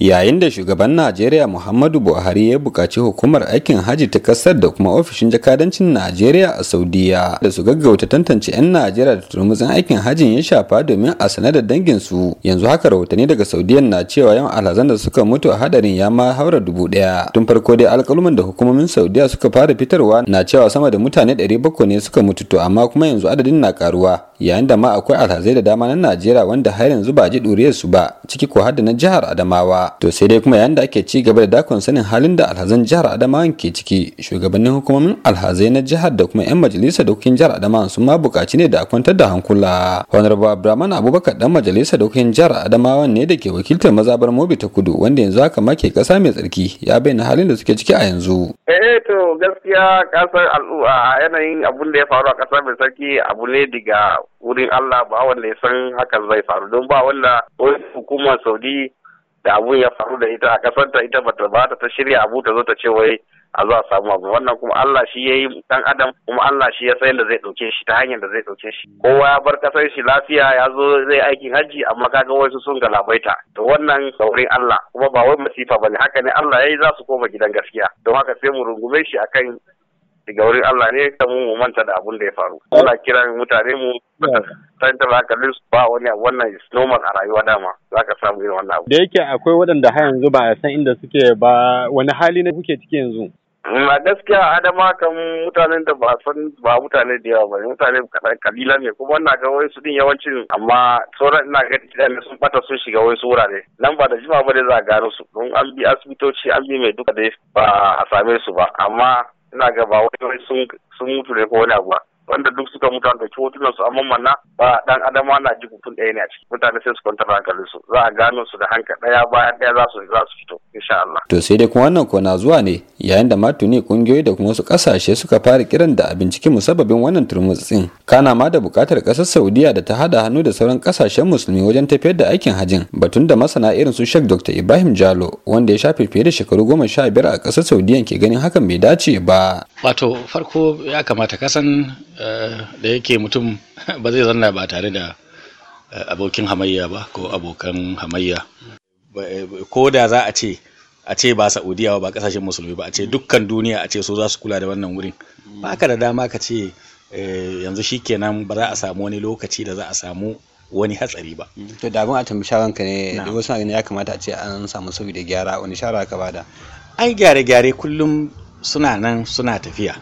yayin da shugaban najeriya muhammadu buhari ya buƙaci hukumar aikin hajji ta ƙasar da kuma ofishin jakadancin najeriya a saudiya da su gaggauta tantance 'yan najeriya da turmutsin aikin hajjin ya shafa domin a sanar da danginsu yanzu haka rahotanni daga saudiya na cewa yawan alhazan da suka mutu a hadarin ya ma haura dubu ɗaya tun farko dai alƙaluman da hukumomin saudiya suka fara fitarwa na cewa sama da mutane 700 ne suka mutu to amma kuma yanzu adadin na karuwa yayin da ma akwai alhazai da dama na najeriya wanda har yanzu ba ji ɗuriyar su ba ciki ko har da na jihar adamawa to sai dai kuma yayin da ake ci gaba da dakon sanin halin da alhazan jihar adamawa ke ciki shugabannin hukumomin alhazai na jihar da kuma yan majalisar dokokin jihar adamawa sun ma buƙaci ne da a kwantar da hankula honorable abdulrahman abubakar dan majalisar dokokin jihar adamawa ne da ke wakiltar mazabar mobi ta kudu wanda yanzu haka ma ke ƙasa mai tsarki ya bayyana halin da suke ciki a yanzu eh to gaskiya kasar al'umma yanayin abun da ya faru a ƙasar mai tsarki abu ne diga wurin Allah ba wanda ya san hakan zai faru don ba wanda wani hukumar Saudi da abun ya faru da ita a kasanta ita bata ba ta shirya abu ta zo ta ce wai a za a samu abu wannan kuma Allah shi ya yi dan adam kuma Allah shi ya san da zai dauke shi ta hanyar da zai ɗauke shi kowa ya bar kasar shi lafiya ya zo zai aikin hajji amma kaga wasu sun galabaita to wannan saurin Allah kuma ba wai masifa bane haka ne Allah yayi za su koma gidan gaskiya don haka sai mu rungume shi akan daga wurin Allah ne ta mu mu manta da abun da ya faru muna kiran mutane mu san ta zaka su ba wani wannan is normal a rayuwa dama Za ka samu irin wannan abu da yake akwai waɗanda har yanzu ba a san inda suke ba wani hali ne kuke ciki yanzu Na mm, gaskiya adama kan mutanen da ba san ba mutane da yawa ba mutane kalila ne kuma wannan ga wai su din yawancin amma sauran ina ga da sun bata sun shiga wai su wurare nan ba da jima ba da za a gano su don an bi asibitoci an bi mai duka da ba a same su ba amma ina ga ba wai sun mutu ne ko wani abu wanda duk suka mutu an ɗauki hotunan su amma manna ba dan adama na ji tun ɗaya ne a ciki mutane sai su kwantar hankalin su za a gano su da hankali ɗaya bayan ɗaya za su za su fito insha Allah to sai dai kuma wannan ko na zuwa ne yayin da matuni kungiyoyi da kuma wasu kasashe suka fara kiran da a musababin wannan turmutsin kana ma da bukatar kasar saudiya da ta hada hannu da sauran kasashen musulmi wajen tafiyar da aikin hajin batun da masana irin su shek dr ibrahim jalo wanda ya shafe fiye da shekaru goma sha biyar a kasar saudiya ke ganin hakan bai dace ba wato farko ya kamata kasan eh, da yake mutum ba zai zanna ba tare da eh, abokin hamayya ba ko abokan hamayya eh, ko da za a ce a ce ba saudiya ba kasashen musulmi ba a ce dukkan duniya a ce so za su kula da wannan wurin ba ka da dama ka ce eh, yanzu shikenan ba za a samu wani lokaci da za a samu wani hatsari ba mm, to da abin a tambi shawanka ne da wasu ne ya kamata a ce an samu sauyi da gyara wani shara ka bada ai gyare-gyare kullum suna nan suna tafiya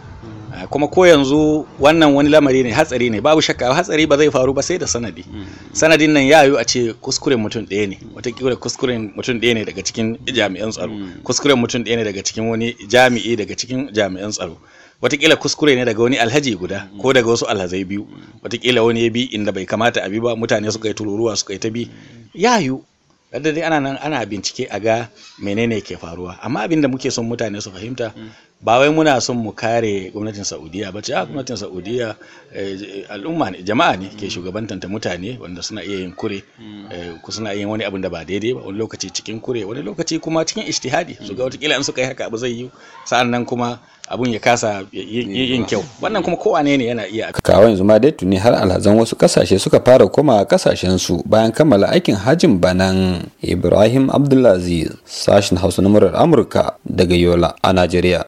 Eh, kuma ko yanzu wannan wani lamari ne hatsari ne babu shakka hatsari ba zai faru ba sai da sanadi hmm. sanadin nan ya yi a ce kuskuren mutum ɗaya ne watakila kuskuren mutum ɗaya ne daga cikin jami'an tsaro hmm. kuskuren mutum ɗaya ne daga cikin wani jami'i daga cikin jami'an tsaro watakila kuskure ne daga wani alhaji guda hmm. ko daga wasu alhazai biyu watakila wani ya bi inda bai kamata a bi ba mutane suka yi tururuwa suka yi ta bi ya yi ana nan ana bincike a ga menene ke faruwa amma abin da muke son mutane su fahimta ba wai muna son mu kare gwamnatin saudiya ba ce a gwamnatin saudiya eh, al'umma ne jama'a ne ke shugabantanta mutane wanda suna iya yin kure eh, ku suna iya wani abin da ba daidai ba wani lokaci cikin kure wani lokaci kuma cikin ijtihadi su ga watakila in suka yi haka abu zai yi sa'an nan kuma abun ya kasa yin kyau wannan kuma kowane ne yana iya kawo yanzu ma dai tuni har alhazan wasu kasashe suka fara koma kasashen su bayan kammala aikin hajin banan ibrahim abdulaziz sashen hausa na murar amurka daga yola a najeriya